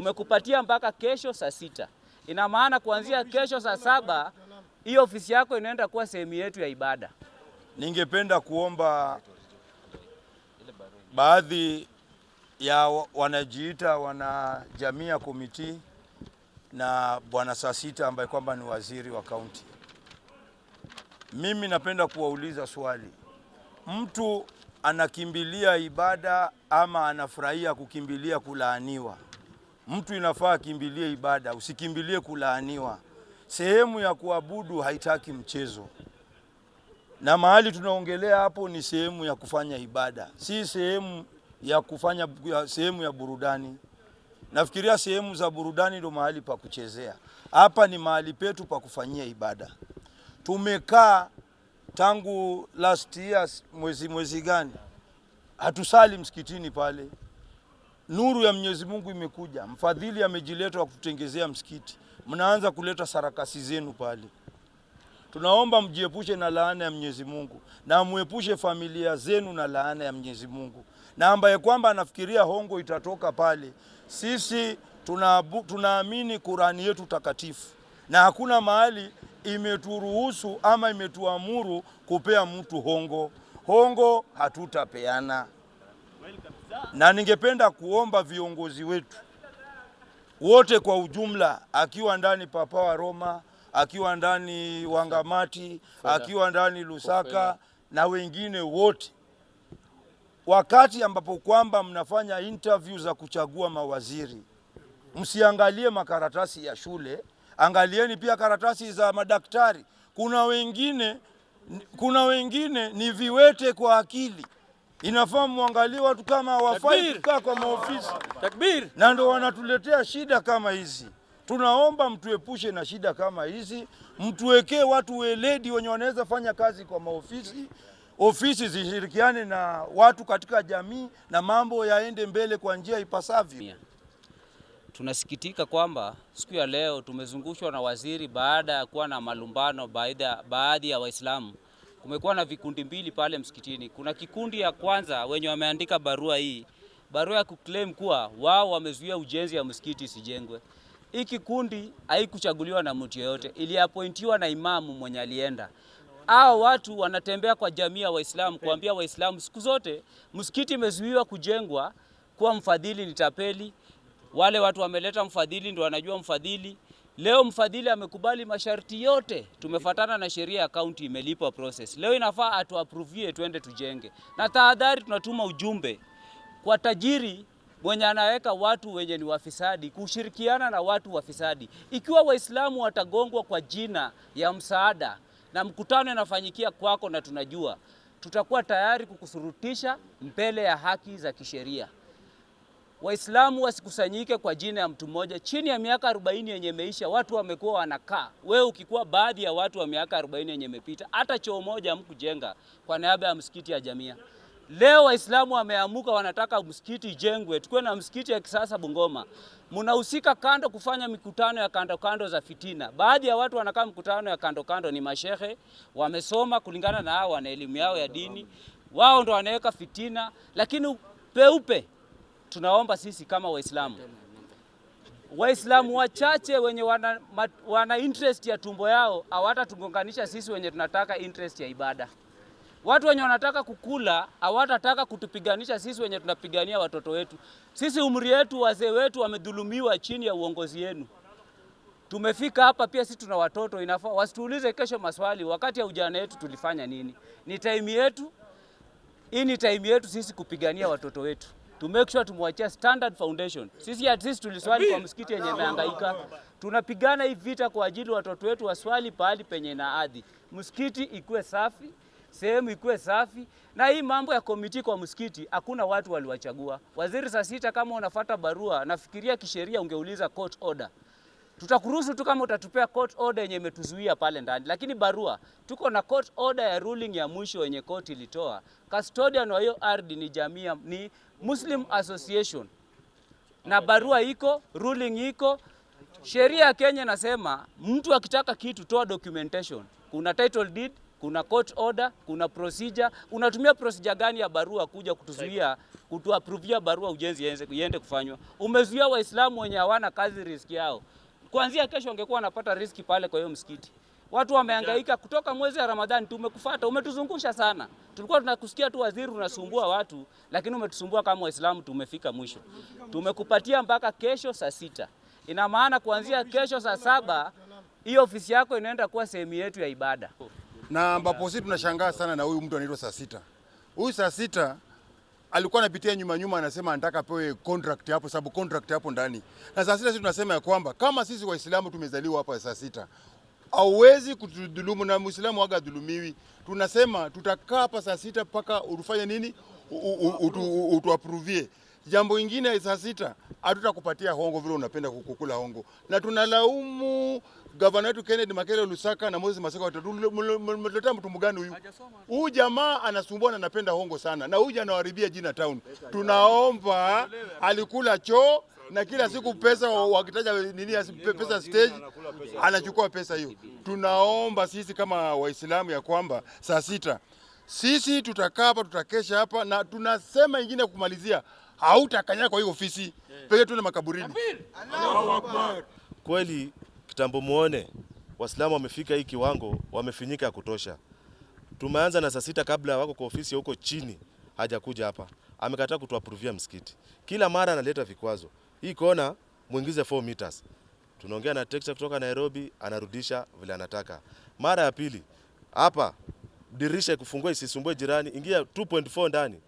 tumekupatia mpaka kesho saa sita. Ina maana kuanzia kesho saa saba hiyo ofisi yako inaenda kuwa sehemu yetu ya ibada. Ningependa kuomba baadhi ya wanajiita wanajamii ya komiti na bwana Sasita ambaye kwamba ni waziri wa kaunti, mimi napenda kuwauliza swali, mtu anakimbilia ibada ama anafurahia kukimbilia kulaaniwa? Mtu inafaa akimbilie ibada, usikimbilie kulaaniwa. Sehemu ya kuabudu haitaki mchezo, na mahali tunaongelea hapo ni sehemu ya kufanya ibada, si sehemu ya kufanya sehemu ya burudani. Nafikiria sehemu za burudani ndio mahali pa kuchezea. Hapa ni mahali petu pa kufanyia ibada. Tumekaa tangu last year, mwezi mwezi gani hatusali msikitini pale nuru ya Mwenyezi Mungu imekuja, mfadhili amejileta wa kututengezea msikiti, mnaanza kuleta sarakasi zenu pale. Tunaomba mjiepushe na laana ya Mwenyezi Mungu na muepushe familia zenu na laana ya Mwenyezi Mungu, na ambaye kwamba anafikiria hongo itatoka pale, sisi tunaamini Qur'ani yetu takatifu na hakuna mahali imeturuhusu ama imetuamuru kupea mtu hongo. Hongo hatutapeana na ningependa kuomba viongozi wetu wote kwa ujumla, akiwa ndani Papa wa Roma, akiwa ndani Wangamati, akiwa ndani Lusaka na wengine wote, wakati ambapo kwamba mnafanya interview za kuchagua mawaziri, msiangalie makaratasi ya shule, angalieni pia karatasi za madaktari. Kuna wengine, kuna wengine ni viwete kwa akili inafaa muangalie watu kama hawafai kukaa kwa maofisi takbir, na ndio wanatuletea shida kama hizi. Tunaomba mtuepushe na shida kama hizi, mtuwekee watu weledi wenye wanaweza fanya kazi kwa maofisi. Ofisi zishirikiane na watu katika jamii na mambo yaende mbele kwa njia ipasavyo. Tunasikitika kwamba siku ya leo tumezungushwa na waziri baada ya kuwa na malumbano baadhi ya Waislamu kumekuwa na vikundi mbili pale msikitini. Kuna kikundi ya kwanza wenye wameandika barua hii, barua ya kuclaim kuwa wao wamezuia ujenzi wa msikiti isijengwe. Hii kikundi haikuchaguliwa na mtu yeyote, iliapointiwa na imamu mwenye alienda. Hao watu wanatembea kwa jamii ya Waislamu kuambia Waislamu siku zote msikiti imezuiwa kujengwa, kuwa mfadhili ni tapeli. Wale watu wameleta mfadhili, ndio wanajua mfadhili Leo mfadhili amekubali masharti yote, tumefatana na sheria ya kaunti, imelipa process. Leo inafaa atuapruvie tuende tujenge. Na tahadhari, tunatuma ujumbe kwa tajiri mwenye anaweka watu wenye ni wafisadi kushirikiana na watu wafisadi. Ikiwa Waislamu watagongwa kwa jina ya msaada na mkutano inafanyikia kwako na tunajua, tutakuwa tayari kukusurutisha mbele ya haki za kisheria. Waislamu wasikusanyike kwa jina ya mtu mmoja. Chini ya miaka 40 yenye imeisha, watu wamekuwa wanakaa. Wewe ukikuwa baadhi ya watu wa miaka 40 yenye imepita, hata choo moja hamkujenga kwa niaba ya msikiti ya Jamia. Leo Waislamu wameamuka, wanataka msikiti ijengwe, tukuwe na msikiti ya kisasa Bungoma. Mnahusika kando kufanya mikutano ya kando kando za fitina. Baadhi ya watu wanakaa mikutano ya kando kando, ni mashehe wamesoma, kulingana na hao wana elimu yao ya dini, wao ndo wanaweka fitina, lakini peupe tunaomba sisi kama Waislamu, Waislamu wachache wenye wana, mat, wana interest ya tumbo yao hawatatugonganisha sisi wenye tunataka interest ya ibada. Watu wenye wanataka kukula hawatataka kutupiganisha sisi wenye tunapigania watoto wetu. Sisi umri yetu, wazee wetu wamedhulumiwa chini ya uongozi wenu Tumefika hapa pia sisi tuna watoto, inafaa wasituulize kesho maswali, wakati ya ujana wetu tulifanya nini? Ni time yetu hii, ni time yetu sisi kupigania watoto wetu to make sure tumwachia standard foundation. Sisi at least tuliswali kwa msikiti yenye imehangaika. Tunapigana hii vita kwa ajili watoto wetu waswali pahali penye na adhi, msikiti ikuwe safi, sehemu ikuwe safi. Na hii mambo ya komiti kwa msikiti, hakuna watu waliwachagua. Waziri Saa sita kama unafata barua, nafikiria kisheria ungeuliza court order tutakuruhusu tu kama utatupea court order yenye imetuzuia pale ndani, lakini barua, tuko na court order ya ruling ya mwisho yenye court ilitoa. Custodian wa hiyo ardhi ni jamii, ni Muslim Association, na barua iko, ruling iko. Sheria ya Kenya nasema mtu akitaka kitu, toa documentation. Kuna title deed, kuna court order, kuna procedure. Unatumia procedure gani ya barua kuja kutuzuia kutuapruvia barua ujenzi iende kufanywa? Umezuia Waislamu wenye hawana kazi riski yao. Kuanzia kesho angekuwa anapata riski pale kwa hiyo msikiti. Watu wamehangaika kutoka mwezi wa Ramadhani, tumekufuata, umetuzungusha sana. Tulikuwa tunakusikia tu waziri, unasumbua watu, lakini umetusumbua kama Waislamu. Tumefika mwisho, tumekupatia mpaka kesho saa sita. Ina maana kuanzia kesho saa saba hiyo ofisi yako inaenda kuwa sehemu yetu ya ibada, na ambapo sisi tunashangaa sana na huyu mtu anaitwa saa sita. Huyu saa sita alikuwa anapitia nyuma nyuma, anasema anataka apewe contract hapo, sababu contract hapo ndani. Na saa sita sisi tunasema ya kwamba kama sisi Waislamu tumezaliwa hapa saa sita, hawezi kutudhulumu na Muislamu waga dhulumiwi. Tunasema tutakaa hapa saa sita mpaka utufanye nini, utuapruvie jambo ingine. Saa sita hatutakupatia hongo vile unapenda kukula hongo, na tunalaumu gavana wetu Kennedy Makere Lusaka na Moses Masika watatuletea mtu mgani huyu? Huyu jamaa anasumbua na anapenda hongo sana, na huyu anawaribia jina town. Tunaomba alikula choo na kila siku pesa wakitaja nini pesa stage anachukua pesa hiyo. Tunaomba sisi kama Waislamu ya kwamba saa sita sisi tutakaa hapa, tutakesha hapa, na tunasema ingine kumalizia, hautakanya kwa hiyo ofisi pekee, tuende makaburini. Kweli kitambo, muone Waislamu wamefika hii kiwango, wamefinyika ya kutosha. Tumeanza na saa sita kabla wako kwa ofisi huko chini, hajakuja hapa, amekataa kutuaprovia msikiti, kila mara analeta vikwazo hii kona muingize 4 meters. Tunaongea na tekta kutoka Nairobi, anarudisha vile anataka. Mara ya pili hapa dirisha ikufungua isisumbue jirani, ingia 2.4 ndani.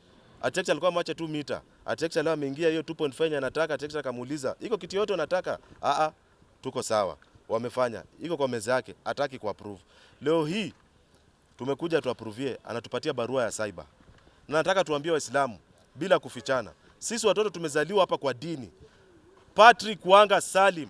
Atekta alikuwa macha 2 meter. Atekta leo ameingia hiyo 2.5 anataka, Atexta akamuuliza, "Iko kitu yote unataka?" A ah, a, ah, tuko sawa. Wamefanya. Iko kwa meza yake, ataki ku approve. Leo hii tumekuja tu approve, anatupatia barua ya cyber. Na nataka tuambie Waislamu bila kufichana. Sisi watoto tumezaliwa hapa kwa dini. Patrick Wanga Salim.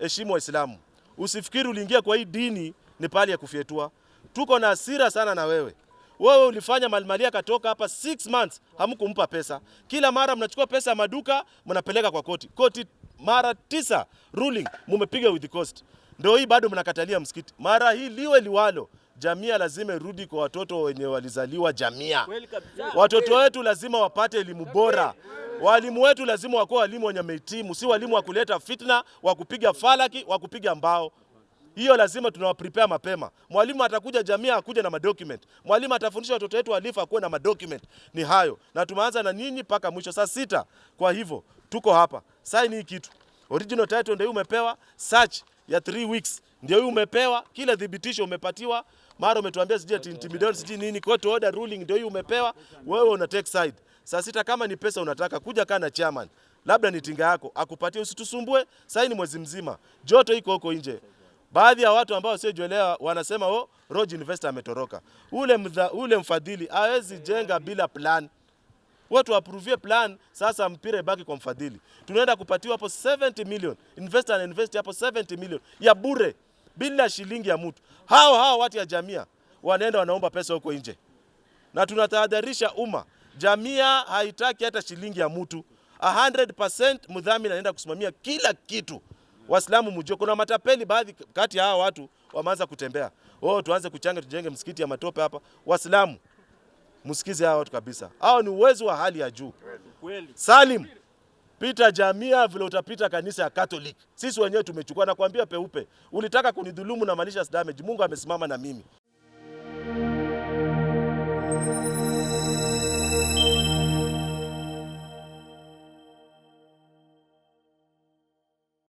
Heshimu Waislamu, usifikiri uliingia kwa hii dini ni pahali ya kufyetua. Tuko na hasira sana na wewe. Wewe ulifanya malimalia katoka hapa 6 months, hamkumpa pesa. Kila mara mnachukua pesa ya maduka mnapeleka kwa koti. Koti mara tisa ruling mumepiga with the cost. Ndio hii bado mnakatalia msikiti. Mara hii liwe liwalo, jamia lazima irudi kwa watoto wenye walizaliwa jamia. Watoto wetu lazima wapate elimu bora. Walimu wetu lazima wakuwa walimu wenye mehitimu, si walimu wa kuleta fitna, wa kupiga falaki, wa kupiga mbao. Hiyo lazima tunawa prepare mapema. Mwalimu atakuja, jamii akuja na madocument. Mwalimu atafundisha watoto wetu alifa akuwe na madocument. Ni hayo, na tumeanza na nyinyi mpaka mwisho saa sita. Kwa hivyo tuko hapa Sign hii kitu, original title ndio umepewa, search ya 3 weeks ndio hii umepewa, kila dhibitisho umepatiwa. Mara umetuambia sijui intimidation sijui nini, court order ruling ndio hii umepewa. Wewe una take side Saa sita kama ni pesa unataka kuja kaa na chairman, labda ni tinga yako akupatie, usitusumbue. Saini mwezi mzima, joto iko huko nje. Baadhi ya watu ambao wasiojuelewa wanasema oh, Roge Investor ametoroka. Ule, mtha, ule mfadhili hawezi jenga bila plan watu wapruvie plan. Sasa mpira ibaki kwa mfadhili. Tunaenda kupatiwa hapo 70 million, investor na invest hapo 70 million ya bure bila shilingi ya mtu. Hao hao watu ya jamia wanaenda wanaomba pesa huko nje, na tunatahadharisha umma. Jamia haitaki hata shilingi ya mtu. 100% mdhamini anaenda kusimamia kila kitu. Waislamu mjue, kuna matapeli baadhi kati ya hawa watu wameanza kutembea. Oh, tuanze kuchanga tujenge msikiti ya matope hapa. Waislamu msikize hawa watu kabisa, hao ni uwezo wa hali ya juu kweli. Salim, pita Jamia vile utapita kanisa ya Catholic. Sisi wenyewe tumechukua, nakwambia peupe. Ulitaka kunidhulumu na malicious damage, Mungu amesimama na mimi.